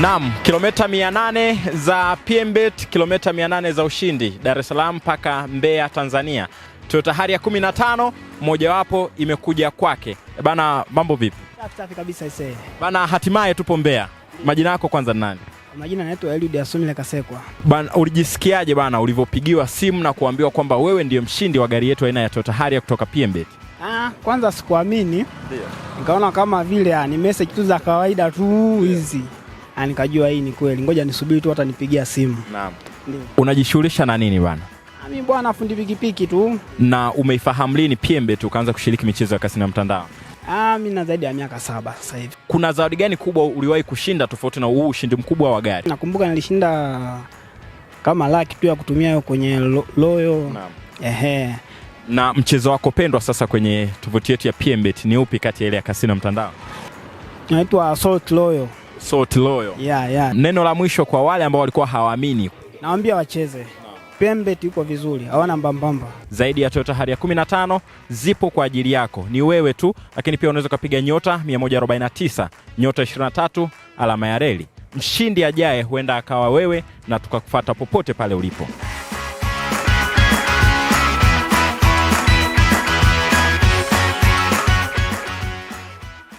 Naam, kilomita 800 za PMbet, kilomita 800 za ushindi, Dar es Salaam mpaka Mbeya, Tanzania. Toyota Harrier 15 mojawapo imekuja kwake bana. Mambo vipi? Safi safi kabisa ise bana, hatimaye tupo Mbeya. Majina yako kwanza ni nani? Majina naitwa Eliud Asumile Kasekwa. Bana, ulijisikiaje bana ulivyopigiwa simu na kuambiwa kwamba wewe ndiye mshindi wa gari yetu aina ya Toyota Harrier kutoka PMbet? Ah, kwanza sikuamini, Ndio. nikaona kama vile ah, ni message tu za kawaida tu hizi Yeah na ah, nikajua hii ni kweli, ngoja nisubiri tu hata nipigia simu. Naam. Unajishughulisha na nini bwana? Ah, mimi bwana fundi pikipiki tu. Na umeifahamu lini Pyembe tu ukaanza kushiriki michezo ya kasi na mtandao? Ah, mimi na zaidi ya miaka saba sasa hivi. Kuna zawadi gani kubwa uliwahi kushinda tofauti na huu ushindi mkubwa wa gari? Nakumbuka nilishinda kama laki tu ya kutumia kwenye lo, loyo. Naam. Ehe. Na mchezo wako pendwa sasa kwenye tovuti yetu ya PMBet ni upi kati ya ile ya kasino mtandao? Naitwa Assault Royal. Sort Loyal. Yeah, yeah. Neno la mwisho kwa wale ambao walikuwa hawaamini, nawaambia wacheze Pembe tuko vizuri, hawana mbambamba. Zaidi ya Toyota Harrier 15 zipo kwa ajili yako, ni wewe tu, lakini pia unaweza ukapiga nyota 149 nyota 23 alama ya reli. Mshindi ajaye huenda akawa wewe, na tukakufuata popote pale ulipo.